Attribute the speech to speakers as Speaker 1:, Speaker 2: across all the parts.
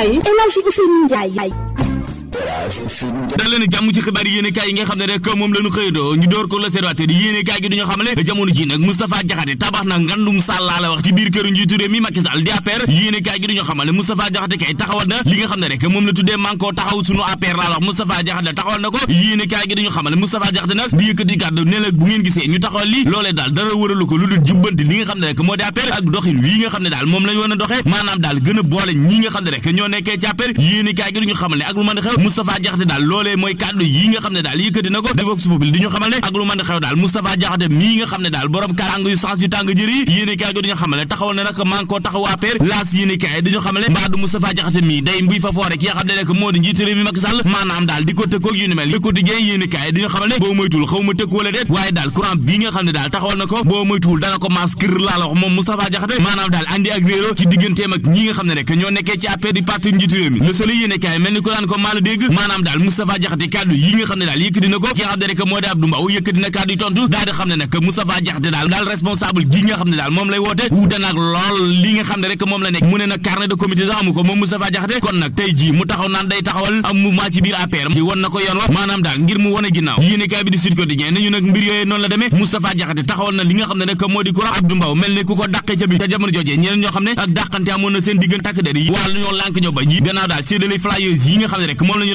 Speaker 1: yéenekaay yi El Hadji Ousseynou Ndiaye dal leen jàmm ci xibaar yéenekaay yi nga xam ne rek moom la xëyadoo ñu door ko la wax ci di APR yéenekaay gi duñu xamale ne rek moom la taxawal na ko yéenekaay gi duñu xamale Moustapha Diakhaté nag di yëkkati kàddu ne bu ngeen gisee ñu taxawal li loolee daal dara wëralu ko lu dul jubbanti li nga xam ne rek moo di APR ak doxin wi nga xam ne daal moom lañ woon a maanaam daal gën a boole ñi nga xam ne rek ñoo nekkee ci APR yéenekaay gi Jaxate daal loolee mooy kàddu yi nga xam ne daal yëkkati na ko de Vox Populi di ñu xamal ne ak lu mën di xew daal nga xam ne daal borom kàrang yu sens di ñu xamal ne taxawal na ni ko boo ko maas kër maanaam daal Moustapha yi nga xam ne daal yëkkati na ko ki xam ne daal moom lay woote wuute nag lool li nga xam ne rek moom la nekk mu ne taxawal na wa maanaam daal ngir li nga xam ne rek moo di courant Abdou Mbow mel ni ku ko dàqee ca bi te jamono jojee ñeneen ñoo xam ne ak dàqante amoon na seen diggante takk der yi wàllu lànk ñoo bañ yi gannaaw daal séddale flyers yi nga xam ne rek moom la ñu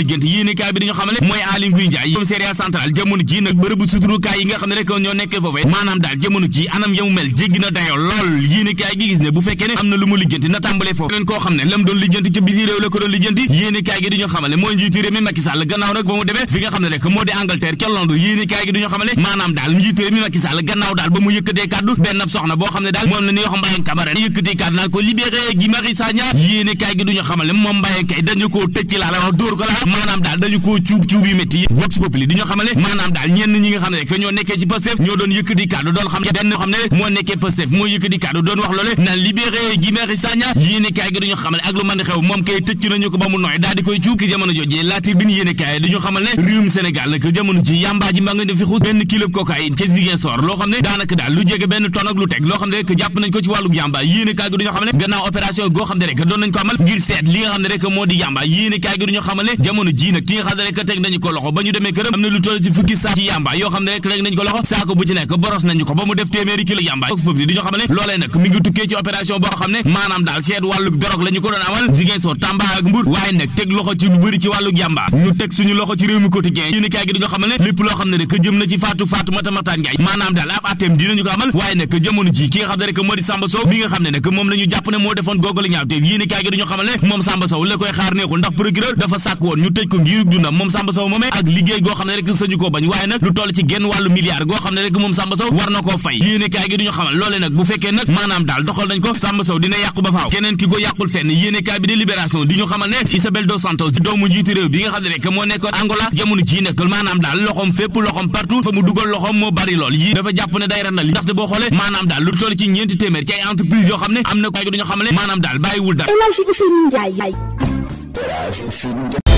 Speaker 1: lijjanti yéene kaay gi gis xamale mooy njiitu mi Macky gannaaw nag ba mu demee fi nga xam ne rek moo di Angleterre ca Londres yéene gi dañu xamale maanaam daal njiitu mi Macky gannaaw daal ba mu yëkkatee kàddu benn soxna boo xam ne daal moom la ñuy wax Mbayang Camara yëkkatee kàddu naan ko libéré gi Macky Sall yéene kaay gi duñu xamale moom Mbayang kay dañu koo tëj ci laa dóor ko laa maanaam daal dañu ñi nga xam ne rek ñoo nekkee ci Pastef ñoo doon yëkkati kàddu doon xam ne moo nekkee Pastef moo yëkkati kàddu doon wax loole naan libéré Guy Marius Sagna yéene gi dañu xamal ne ak lu ko ba ci yàmbaa mbaa nga def fi xuus benn kilo cocaïne ca Ziguinchor loo xam ne daanaka daal lu jege benn tonne ak lu teg loo xam ne rek jàpp nañ ko ci wàllu yàmbaa yéene gi dañu xamal gannaaw opération goo xam ne rek doon jamono ji nag ki nga xam ne rek teg nañu ko loxo ba ñu demee këram am na lu toll ci fukki ci yàmba yoo xam ne rek teg nañu ko loxo ci nekk boros nañu ko ba mu def téeméeri kilo yàmba peuple di xam ne loolee nag mi ngi tukkee ci opération boo xam ne maanaam daal seet wàllu dorog la ko doon amal Ziguinchor Tamba ak Mbour waaye nag teg loxo ci lu bëri ci wàllu yàmba ñu teg suñu loxo ci réew mi ko amal waaye nag jamono ñu tëj ko ngirug dundam moom Samba Sow moomee ak liggéey goo xam ne rek sañu koo bañ waaye nag lu toll ci genn wàllu milliard goo xam ne rek moom Samba Sow war na koo fay yéene gi duñu xamal loole nag bu fekkee nag maanaam daal doxal nañ ko Samba Sow dina yàqu ba faaw keneen ki ko yàqul fenn yéene bi de libération di ñu xamal ne Isabel dos Santos doomu njiiti réew bi nga xam ne rek moo nekkoon Angola jamono ci nekkal maanaam daal loxoom fépp